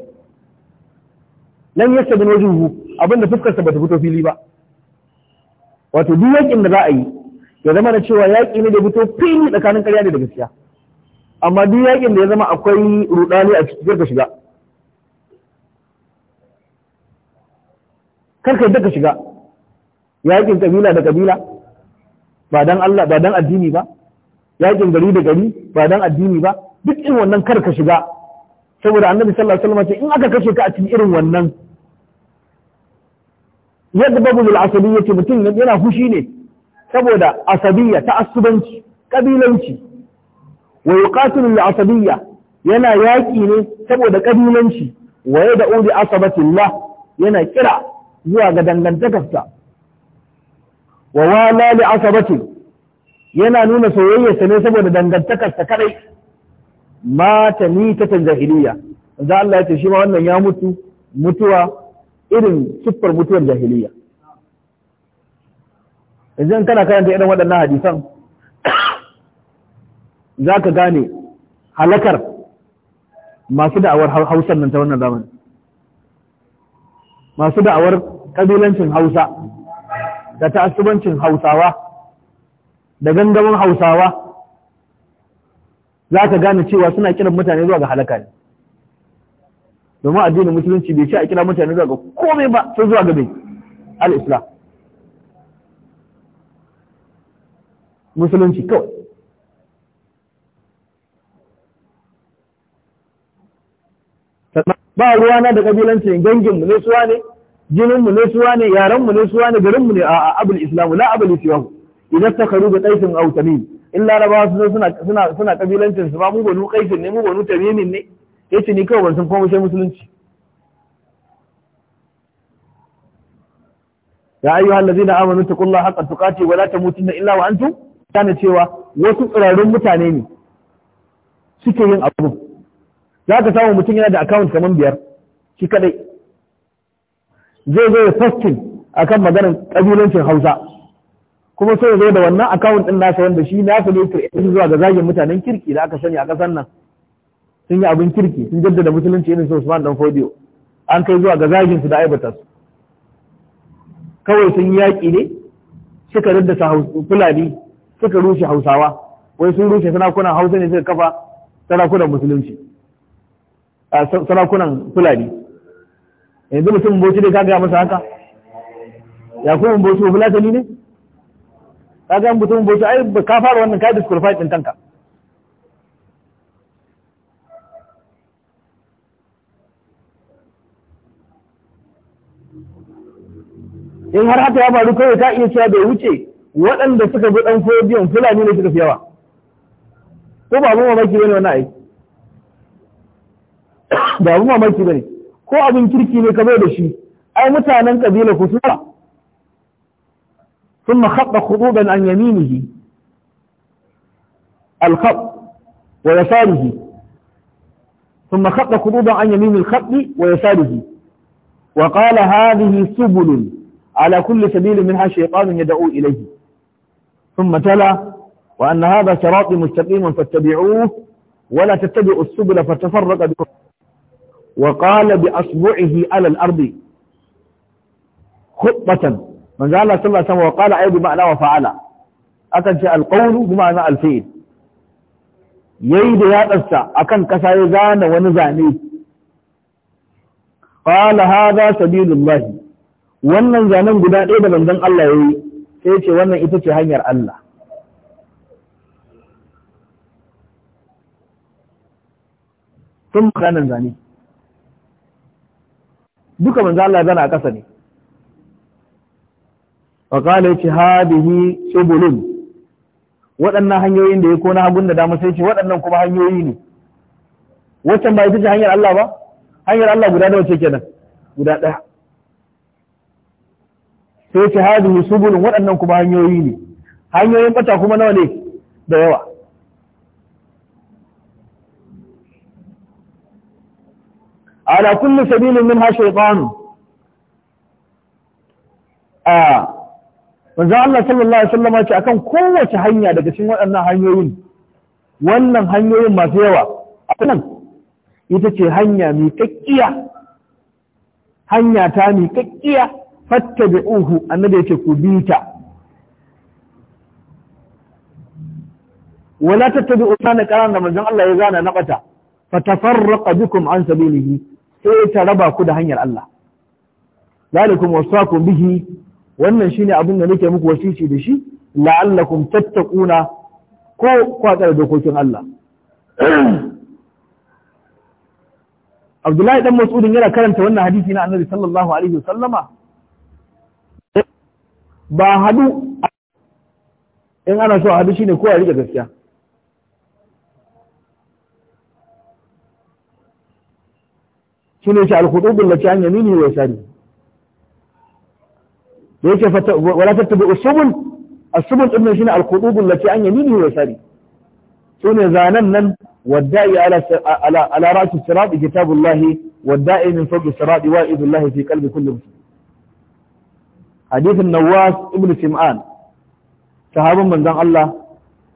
lam bin wajuhu abin da fuskar sa bata fito fili ba wato duk yakin da za a yi ya zama da cewa yaki ne da fito fili tsakanin ƙarya da gaskiya amma duk yakin da ya zama akwai rudani a cikin ka shiga karka yadda ka shiga yakin kabila da kabila ba dan Allah ba dan addini ba yakin gari da gari ba dan addini ba duk irin wannan kar ka shiga saboda annabi sallallahu alaihi wasallam ce in aka kashe ka a cikin irin wannan yadda babu lil asabiyyati mutum yana fushi ne saboda asabiyya ta asubanci kabilanci wa yuqatilu lil asabiyya yana yaki ne saboda kabilanci wa yad'u udi asabatillah yana kira zuwa ga dangantakarsa wa wala li asabati yana nuna soyayyarsa ne saboda dangantakarsa kadai mata mitatan jahiliya manzo Allah ya ce shi ma wannan ya mutu mutuwa irin siffar mutuwar jahiliya Idan kana karanta irin waɗannan hadisan za ka gane halakar masu da'awar hausan nan ta wannan zamani masu da'awar ƙabilancin hausa da asubancin hausawa da gangamin hausawa za ka gane cewa suna kiran mutane zuwa ga halaka ne domin addinin musulunci bai ce a kira mutane zuwa ga komai ba sun zuwa ga bai al-islam musulunci kawai ba ruwa na da kabilanci gangin mu ne suwa ne jinin mu ne suwa ne yaran mu ne suwa ne garin mu ne a abul islamu la abul islamu idan ta karu da aw tamim in larabawa su suna suna suna kabilancin su ba mu banu kaifin ne mu banu tamimin ne yace ni kawai ban san komai sai musulunci ya ayyuhal ladina amanu taqullaha haqqa tuqati wa la tamutunna illa wa antum kana cewa wasu tsirarun mutane ne suke yin abu za ka samu mutum yana da account kamar biyar shi kadai zai zo ya posting akan maganar kabilancin Hausa kuma sai zo da wannan account din nasa wanda shi nasa ne creative zuwa ga zagin mutanen kirki da aka sani a kasar nan sun yi abin kirki sun jaddada musulunci irin su Usman dan Fodio an kai zuwa ga zagin su da aibata su kawai sun yi yaƙi ne suka sa Fulani suka rushe Hausawa wai sun rushe sarakunan Hausa ne suka kafa sarakunan musulunci sarakunan Fulani yanzu mutum boci dai ka gaya masa haka ya kuma boci fulatani ne kaga mutum bai ai ka fara wannan ka disqualify din kanka in har haka ya faru kawai ka iya cewa bai wuce waɗanda suka bi ɗan biyan fulani ne suka fi yawa ko ba abin mamaki bane wannan aiki ba abin mamaki bane ko abin kirki ne ka bai da shi ai mutanen kabila ku sura ثم خط خطوطا عن يمينه الخط ويساره ثم خط خطوطا عن يمين الخط ويساره وقال هذه سبل على كل سبيل منها شيطان يدعو إليه ثم تلا وأن هذا صراطي مستقيم فاتبعوه ولا تتبعوا السبل فتفرق بكم وقال بأصبعه على الأرض خطة manzo Allah sallallahu alaihi wasallam qala aidu ma'ana wa fa'ala akan ce alqawlu bi ma'ana alfi'l yayi da yadarsa akan kasa ya zana wani zane qala wannan zanen guda ɗaya da manzon Allah yi, sai ce wannan ita ce hanyar Allah tun kanan zane duka manzo Allah zana a ƙasa ne faƙala ce hadihi subulun waɗannan hanyoyin da ya ko na hagun da dama sai ce waɗannan kuma hanyoyi ne waccan ba ita ce hanyar Allah ba hanyar Allah guda nawa ce kenan guda ɗaya sai ce hadihi subulun waɗannan kuma hanyoyi ne hanyoyin bata kuma nawa ne da yawa ala kulli sabilin min ha shaytanu a ah, manzo Allah sallallahu alaihi wasallam ce akan kowace hanya daga cikin waɗannan hanyoyin wannan hanyoyin masu yawa akan ita ce hanya mai kakkiya hanya ta mai kakkiya fattabi'uhu annabi yake ku bi ta wala tattabi'u sana karan da manzon Allah ya zana na bata fatafarraqa bikum an sabilihi sai ta raba ku da hanyar Allah zalikum wasaqu bihi wannan shine abin da nake muku wasici da shi la'allakum tattaquna ko kwatsar dokokin Allah Abdullahi dan Mas'udin yana karanta wannan hadisi na Annabi sallallahu alaihi wasallama ba hadu in ana so hadu shine ko a rike gaskiya shine shi al-khudub allati an yamini wa yasari ليك فت... ولا تتبع السبل السبل ابن شنا القطوب التي عن يمينه ويساره ثم زاننا والدائي على س... على على راس الصراط كتاب الله والدائي من فوق الصراط وائد الله في قلب كل مسلم حديث النواس ابن سمعان صحاب من ذا الله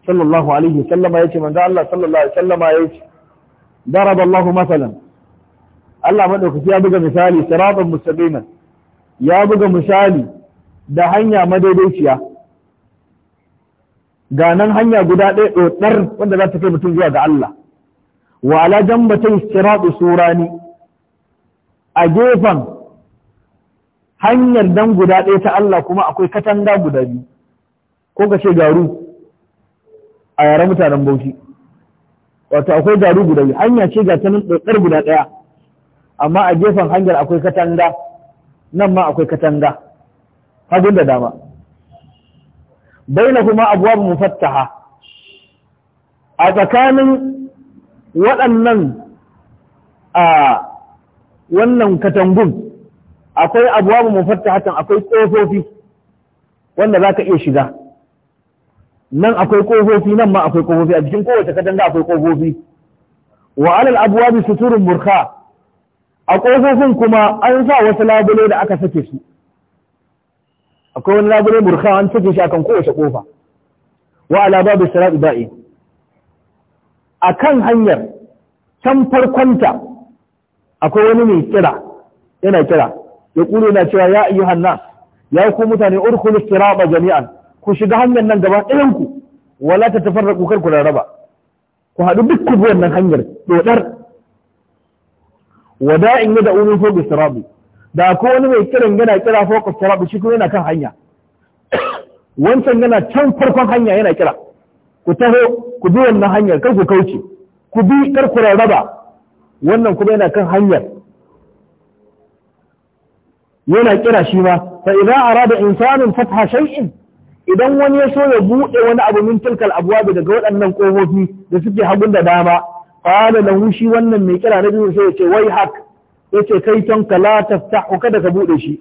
صلى الله عليه وسلم يجي من ذا الله صلى الله عليه وسلم يجي ضرب الله مثلا الله مدوك يا بقى مثالي صراط مستقيما يا بقى مثالي da hanya madaidaiciya ga nan hanya guda ɗaya ɗoɗar wanda za ta kai mutum zuwa ga Allah wa ala jambatai siratu surani a gefen hanyar dan guda ɗaya ta Allah kuma akwai katanga guda biyu ko ka ce garu a yaren mutanen bauchi wato akwai garu guda biyu hanya ce ga tanin ɗaukar guda ɗaya amma a gefen hanyar akwai katanga nan ma akwai katanga hagun da dama kuma bainahuma mu fattaha. a tsakanin waɗannan a wannan katangun akwai abwab mufattahatan akwai ƙofofi wanda za ka iya shiga nan akwai ƙofofi, nan ma akwai ƙofofi, a cikin kowace katanga akwai ƙofofi. wa alal bi suturun murka a ƙofofin kuma an sa wasu labule da aka sake su akwai wani labule burka an take shi akan kowace kofa wa ala babu sirat ba'i akan hanyar can farkonta akwai wani mai kira yana kira ya kulu na cewa ya ayyuhan nas ya ku mutane urkhulu siraba jami'an ku shiga hanyar nan gaba ɗayan ku wala ta tafarraqu kar ku raraba ku haɗu duk ku wannan hanyar dodar in yada'u min fawqi sirabi da ko wani mai kiran yana kira focus therapy shi kuma yana kan hanya wancan yana can farkon hanya yana kira ku taho ku bi wannan hanyar kar ku kauce ku bi kar ku raba. wannan kuma yana kan hanyar yana kira shi ma fa idza arada insanun fatha shay'in idan wani ya so ya bude wani abu min tilkal abwab daga waɗannan kofofi da suke hagun da dama qala lahu shi wannan mai kira na sai ya ce wai haka yace kai ton la taftahu kada ka bude shi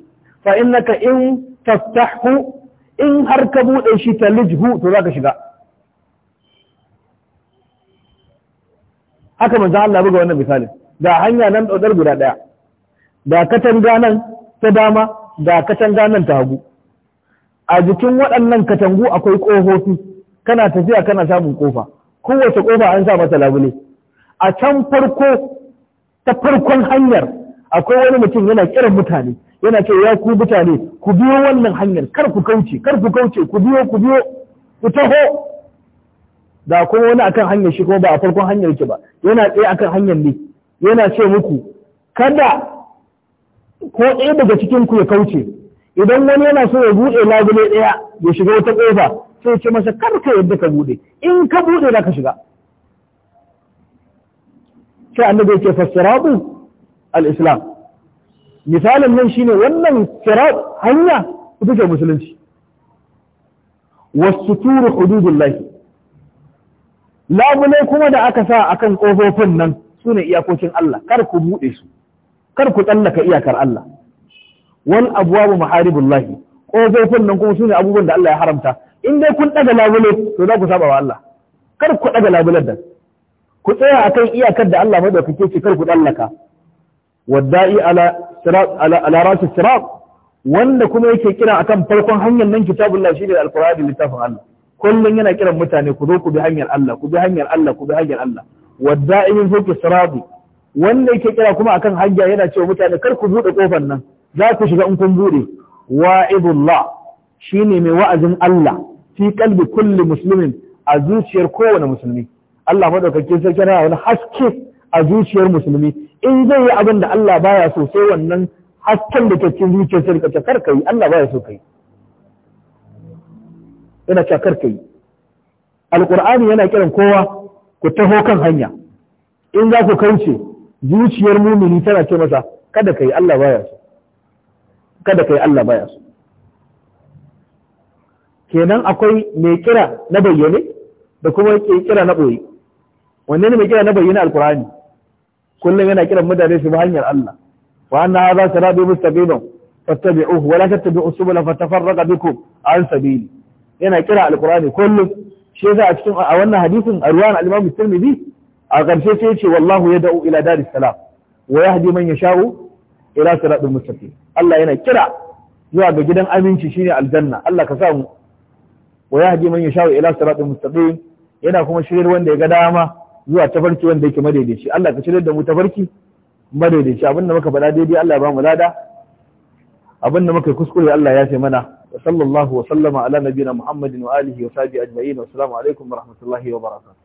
fa innaka in taftahu in har ka bude shi talijhu to zaka shiga haka manzo Allah buga wannan misali da hanya nan daudar guda daya da katanga nan ta dama da katanga nan ta hagu a jikin waɗannan katangu akwai ƙofofi kana tafiya kana samun ƙofa kowace ƙofa an sa mata labule a can farko ta farkon hanyar akwai wani mutum yana kiran mutane yana ce ya ku mutane ku biyo wannan hanyar kar ku kauce kar ku kauce ku biyo ku biyo ku taho da kuma wani akan hanyar shi kuma ba a farkon hanyar ki ba yana tsaye akan hanyar ne yana ce muku kada ko ɗaya daga cikin ku ya kauce idan wani yana so ya buɗe labule ɗaya ya shiga wata ƙofa sai ce masa kar ka yadda ka buɗe in ka buɗe za ka shiga sai annabi ya ce ku al-islam misalin nan shine wannan sirat hanya ita ce musulunci wasuturu hududullahi labule kuma da aka sa akan kofofin nan sune iyakokin Allah kar ku bude su kar ku tsallaka iyakar Allah wal abwabu maharibullahi kofofin nan kuma sune abubuwan da Allah ya haramta in dai kun ɗaga labule to za ku saba wa Allah kar ku ɗaga labulen da ku tsaya akan iyakar da Allah madaukake ce kar ku tsallaka wadda'i ala sirat ala rasu wanda kuma yake kira akan farkon hanyar nan kitabullah shine da littafin Allah kullun yana kiran mutane ku zo ku bi hanyar Allah ku bi hanyar Allah ku bi hanyar Allah wadda'i min fuki sirat wanda yake kira kuma akan hanya yana cewa mutane kar ku bude kofar nan za ku shiga in kun bude wa'idullah shine mai wa'azin Allah fi kalbi kulli muslimin a zuciyar kowane musulmi Allah madaukakin sarki yana wani haske a zuciyar musulmi in zai yi abin da Allah baya so sai wannan hasken da ke zuciyar sai rikace kar yi Allah baya so kai yana cewa kar yi. alqur'ani yana kiran kowa ku taho kan hanya in za ku kauce zuciyar mumini tana ce masa kada kai Allah baya so kada kai Allah baya so kenan akwai mai kira na bayyane da kuma ke kira na ɓoye wanne ne mai kira na bayyane alkurani kullum yana kiran mutane su bi hanyar Allah wa anna hadha sirati mustaqiman fattabi'uhu wa la tattabi'u subula fatafarraqa bikum an sabili yana kira alqur'ani kullum shi yasa a cikin a wannan hadisin a ruwan al-Imam Tirmidhi a ƙarshe sai yace wallahu yad'u ila daris salam wa yahdi man yasha'u ila siratil mustaqim Allah yana kira zuwa ga gidan aminci shine aljanna Allah ka sa mu wa yahdi man yasha'u ila siratil mustaqim yana kuma shiryar wanda ya ga dama zuwa tafarki wanda yake madaidaici Allah ka shirya da mu tafarki madaidaici abin da muka faɗa daidai Allah ya ba mu lada abin da muka kuskure Allah ya fi mana wa sallallahu wa sallama ala nabiyina Muhammadin wa alihi wa sahbihi ajma'in wa assalamu alaikum wa rahmatullahi wa barakatuh